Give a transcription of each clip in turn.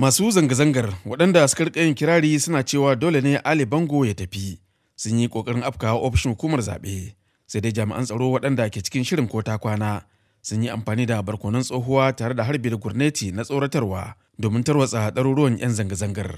Masu zanga-zangar waɗanda suka rika yin kirari suna cewa dole ne Ali Bango ya tafi sun yi ƙoƙarin afkawa ofishin hukumar zaɓe sai dai jami'an tsaro waɗanda ke cikin shirin ko ta kwana sun yi amfani da barkonan tsohuwa tare da harbi da gurneti na tsoratarwa domin tarwatsa ɗaruruwan 'yan zanga-zangar.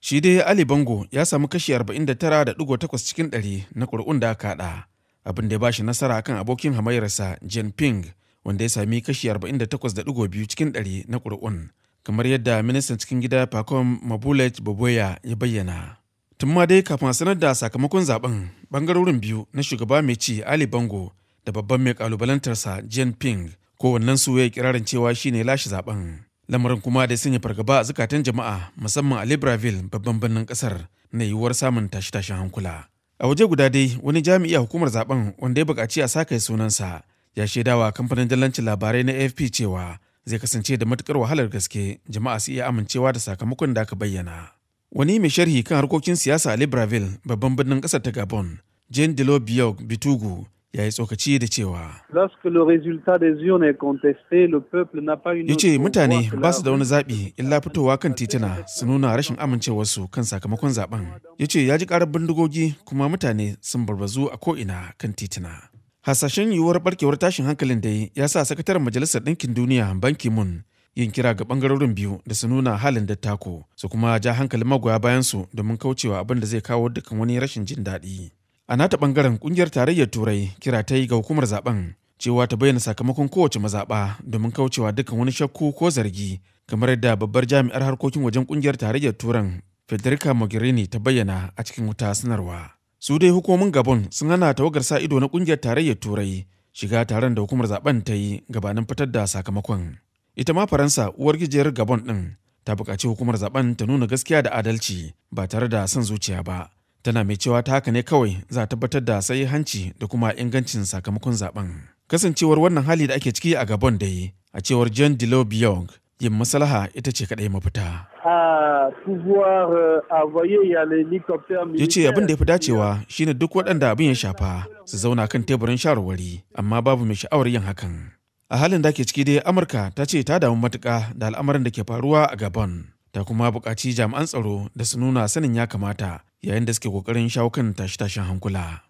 Shi dai Ali Bango ya samu kashi 49.8 cikin 100 na ƙuri'un da aka haɗa, abin da ya bashi nasara kan abokin hamayyarsa Jen Ping wanda ya sami kashi 48.2 cikin 100 na ƙuri'un kamar yadda ministan cikin gida Pacom Mabulet baboya ya bayyana. Tun ma dai kafin a sanar da sakamakon zaben bangarorin biyu na shugaba mai ci Ali Bango da babban mai kalubalantarsa Jen Ping kowannen su ya kirarin cewa shine lashe zaben. Lamarin kuma da yi fargaba a zukatan jama'a musamman a Libreville babban birnin kasar na yiwuwar samun tashe-tashen hankula. A waje guda dai wani jami'i a hukumar zaben wanda ya buƙaci a sa sunansa ya shaidawa kamfanin dallancin labarai na AFP cewa zai kasance da matukar wahalar gaske jama'a su iya amincewa da sakamakon da aka bayyana. Wani mai sharhi kan harkokin siyasa a Libreville babban birnin ƙasar ta Gabon, Jean Delo Biog Bitugu ya yi tsokaci da cewa. Ya ce mutane ba su da wani zaɓi illa fitowa kan tituna su nuna rashin amincewarsu kan sakamakon zaben. Ya ce ya ji ƙarar bindigogi kuma mutane sun barbazu a ko'ina kan tituna. Hasashen yiwuwar barkewar tashin hankalin da ya sa sakataren Majalisar Ɗinkin Duniya Banki Mun yin kira ga bangarorin biyu da su nuna halin da tako su kuma ja hankalin magoya bayan su domin kaucewa abin da zai kawo dukkan wani rashin jin daɗi. A nata bangaren kungiyar tarayyar Turai kira ta yi ga hukumar zaben cewa ta bayyana sakamakon kowace mazaɓa domin kaucewa dukkan wani shakku ko zargi kamar yadda babbar jami'ar harkokin wajen kungiyar tarayyar Turan Federica Mogherini ta bayyana a cikin wuta sanarwa. su dai hukumomin gabon sun hana tawagar sa ido na kungiyar tarayyar turai shiga taron da hukumar zaben ta yi gabanin fitar da sakamakon ita ma faransa uwar gijiyar gabon din ta buƙaci hukumar zaben ta nuna gaskiya da adalci ba tare da son zuciya ba tana mai cewa ta haka ne kawai za a tabbatar da sai hanci da kuma ingancin sakamakon zaben kasancewar wannan hali da ake ciki a gabon dai a cewar jean de biong yin maslaha ita ce kaɗai mafita. Ah, euh, ya ce abin da ya fi dacewa shine duk waɗanda abin ya shafa su zauna kan teburin shawarwari amma babu mai sha'awar yin hakan. A halin da ke ciki dai Amurka ta ce ta damu matuka da al'amarin da ke faruwa a Gabon. Ta kuma buƙaci jami'an tsaro da su nuna sanin ya kamata yayin da suke ƙoƙarin shawo kan tashe-tashen hankula.